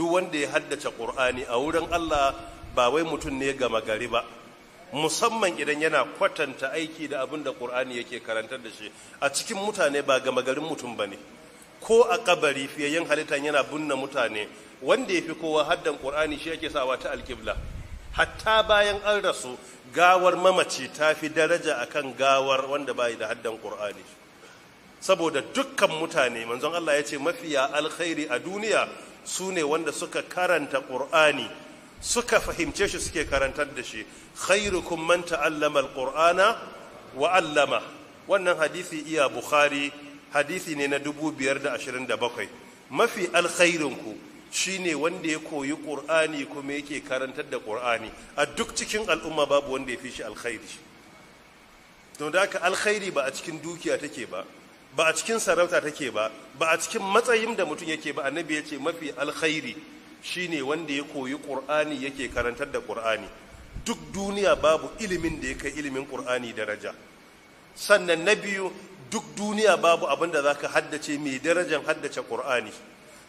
duk wanda ya haddace ƙur'ani a wurin Allah ba wai mutum ne gama gari ba musamman idan yana kwatanta aiki da abin da ƙur'ani yake karantar da shi a cikin mutane ba gama garin mutum ba ne ko a kabari yin halitta yana bunna mutane wanda ya fi kowa haddan ƙur'ani shi yake sawa ta alƙibla hatta bayan an rasu gawar mamaci ta fi daraja akan gawar wanda bayi da haddan ƙur'ani saboda dukkan mutane manzon Allah ya ce mafiya alkhairi a duniya su ne wanda suka karanta ƙur'ani suka fahimce shi suke karantar da shi khairu man ta'allama alqur'ana wa 'allama wannan hadisi iya bukhari hadisi ne na bakwai. mafi shi shine wanda ya koyi ƙur'ani kuma yake karantar da ƙur'ani a duk cikin al'umma babu wanda ya fi shi alkhairi don da haka alkhairi ba a cikin dukiya take ba ba a cikin sarauta take ba ba a cikin matsayin da mutum yake ba annabi ya ce mafi alkhairi shine wanda ya koyi qur'ani yake karantar da qur'ani duk duniya babu ilimin da ya kai ilimin qur'ani daraja sannan na biyu duk duniya babu abin da zaka haddace mai darajar haddace qur'ani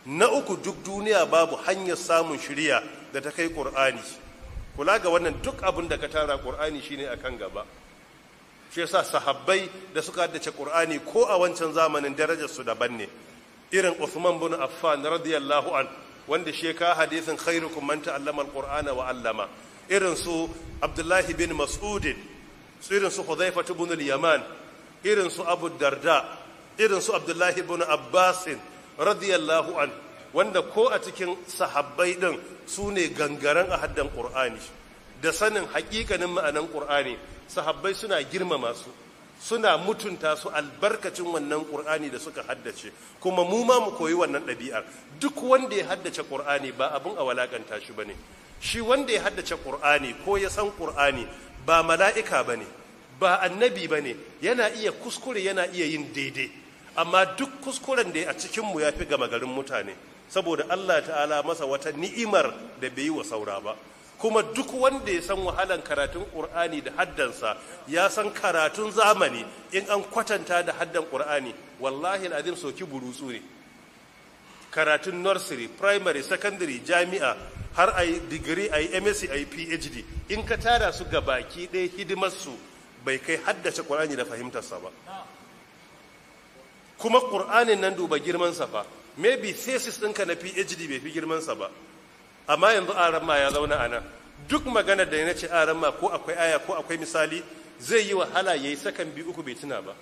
na uku duk duniya babu hanyar samun shiriya da ta kai qur'ani kula ga wannan duk abin da ka tara qur'ani shine akan gaba shi yasa sahabbai da suka haddace qur'ani ko a wancan zamanin darajar su daban ne irin Uthman bin Affan radiyallahu an wanda shi ka hadisin khairukum man ta'allama wa 'allama irin su Abdullahi bin Mas'ud irin su Hudhaifa ibn al-Yaman irin su Abu Darda irin su Abdullahi ibn Abbas radiyallahu an wanda ko a cikin sahabbai din su ne gangaren a haddan qur'ani da sanin hakikanin ma'anan ƙur'ani sahabbai suna girmama su suna mutunta su albarkacin wannan ƙur'ani da suka haddace kuma mu ma mu koyi wannan ɗabi'ar duk wanda ya haddace ƙur'ani ba abin a walakanta shi bane shi wanda ya haddace ƙur'ani ko ya san ƙur'ani ba mala'ika bane ba annabi bane yana iya kuskure yana iya yin daidai amma duk kuskuren da ya a cikin mu yafi gama garin mutane saboda Allah ta'ala masa wata ni'imar da bai yi wa saura ba kuma duk wanda ya san wahalan karatun ƙur'ani da haddansa ya san karatun zamani in an kwatanta da haddan ƙur'ani wallahi al'adim soki burutsu ne karatun nursery primary secondary jami'a har a yi digiri a yi msc a yi phd in ka tara su ga baki ɗaya hidimarsu bai kai haddace ƙur'ani da fahimtarsa ba kuma ƙur'anin nan duba girmansa ba maybe thesis ɗinka na phd bai fi girmansa ba amma yanzu aran ma ya zauna a nan duk magana da na ce aran ma ko akwai aya ko akwai misali zai yi wahala ya yi sakan biyu uku bai tuna ba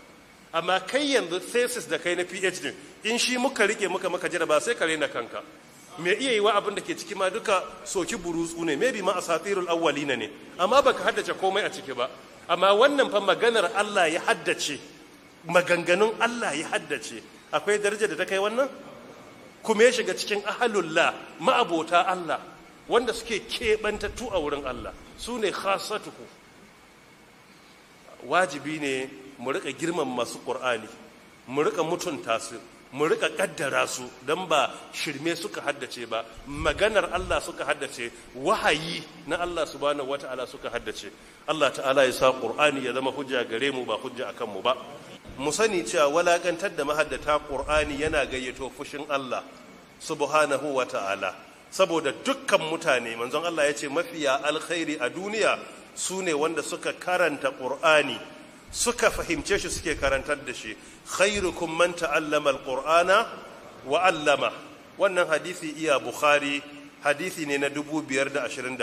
amma kai yanzu thesis da kai na phd in shi muka rike muka maka ba sai kare na kanka me iya yi wa abin da ke ciki ma duka soki burutsu ne maybe ma asatirul awwalina ne amma baka haddace komai a ciki ba amma wannan fa maganar Allah ya haddace maganganun Allah ya haddace akwai daraja da ta kai wannan kuma ya shiga cikin ahalullah ma'abota Allah wanda suke keɓantattu a wurin Allah su ne khasatuku wajibi ne mu riƙa girman masu ƙur'ani mu rika mutunta su mu rika ƙaddara su don ba shirme suka haddace ba maganar Allah suka haddace wahayi na Allah subhanahu wata'ala suka haddace Allah ta'ala ya sa ƙur'ani ya zama hujja gare mu ba hujja akan mu ba mu sani cewa walakantar da mahaddata qur'ani yana gayyato fushin Allah subhanahu wa ta'ala saboda dukkan mutane manzon Allah ya ce mafiya alkhairi a duniya su ne wanda suka karanta qur'ani suka fahimce shi suke karantar da shi khairukum man ta'allama alqur'ana wa 'allama wannan hadisi iya bukhari hadisi ne na 2027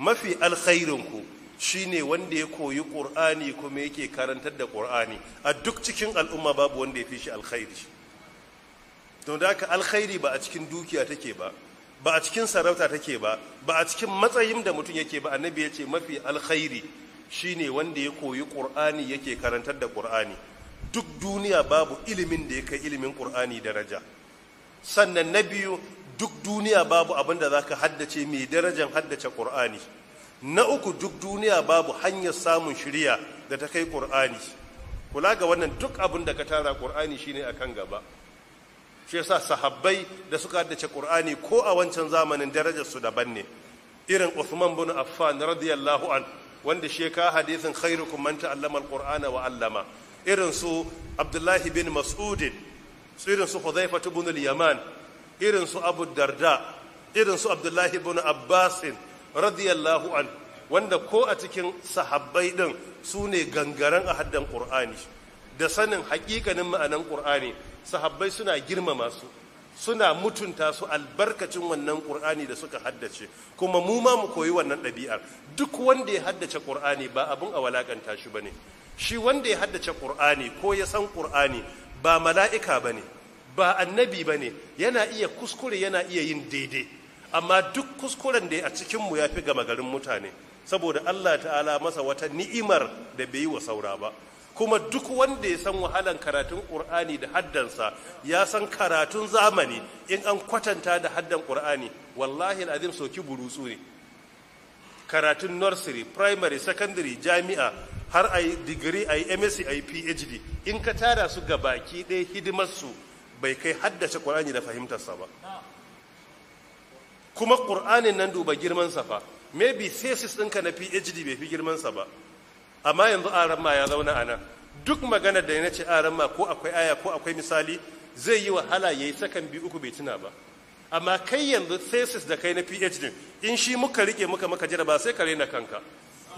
mafi alkhairinku Shi ne wanda ya koyi qur'ani kuma yake karantar da ƙur'ani a duk cikin al'umma babu wanda ya fi shi alkhairi don da aka alkhairi ba a cikin dukiya take ba ba a cikin sarauta take ba ba a cikin matsayin da mutum yake ba annabi ya ce mafi alkhairi shine wanda ya koyi ƙur'ani yake karantar da ƙur'ani duk duniya babu ilimin da ya kai ilimin ƙur'ani daraja sannan na biyu duk duniya babu abin da za ka haddace mai darajan haddace ƙur'ani na uku duk duniya babu hanyar samun shirya da ta kai ƙur'ani kula ga wannan duk abin da ka tara ƙur'ani shine a kan gaba shi yasa sahabbai da suka haddace ƙur'ani ko a wancan zamanin darajarsu daban ne irin Uthman bin Affan radiyallahu an wanda shi ka hadisin khairukum man ta'allama al wa 'allama irin su Abdullahi bin Mas'ud irin su Hudhayfa bin al-Yaman irin su Abu Darda irin su Abdullahi bin Abbasin. radiyallahu an wanda ko a cikin sahabbai din su ne gangaren a haddan qur'ani da sanin haƙiƙanin ma'anan qur'ani sahabbai suna girmama su suna mutunta su albarkacin wannan ƙur'ani da suka haddace kuma mu ma mu koyi wannan ɗabi'ar duk wanda ya haddace ƙur'ani ba abun a walakanta shi ba ne shi wanda ya haddace qur'ani ko ya san qur'ani ba mala'ika ba ne ba annabi ba ne yana iya kuskure yana iya yin daidai amma duk kuskuren da ya a cikinmu ya fi gama garin mutane saboda allah ta'ala masa wata ni'imar da bai yi wa saura ba kuma duk wanda ya san wahalan karatun ƙur'ani da haddansa ya san karatun zamani in an kwatanta da haddan ƙur'ani wallahi so soki burutsu ne karatun nursery primary secondary jami'a har a yi digiri a yi msc a yi phd in ka tara su ga baki ɗaya hidimarsu bai kai haddace ƙur'ani da fahimtarsa ba kuma ƙur'anin nan duba girmansa fa maybe thesis ɗinka na phd bai fi girmansa ba amma yanzu aran ma ya zauna a nan duk magana da na ce aran ma ko akwai aya ko akwai misali zai yi wahala ya yi sakan biyu uku bai tuna ba amma kai yanzu thesis da kai na phd in shi muka rike muka maka jaraba sai ka raina kanka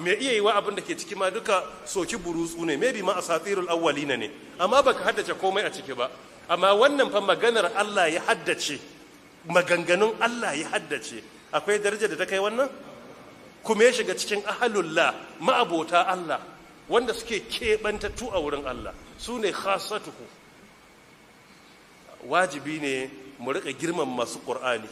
me iya yi wa abin da ke ciki ma duka soki burutsu ne maybe ma asatirul na ne amma baka haddace komai a ciki ba amma wannan fa maganar Allah ya haddace maganganun Allah ya haddace akwai daraja da ta kai wannan kuma ya shiga cikin ahalullah ma'abota Allah wanda suke tu a wurin Allah su ne khasatuhu wajibi ne mu riƙa girman masu ƙur'ani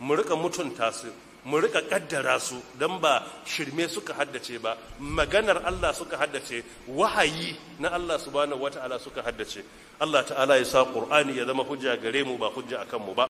mu rika mutunta su mu rika kaddara su don ba shirme suka haddace ba maganar Allah suka haddace wahayi na Allah subhanahu wataala suka haddace Allah ta'ala ya sa Qur'ani ya zama hujja gare mu ba hujja akan mu ba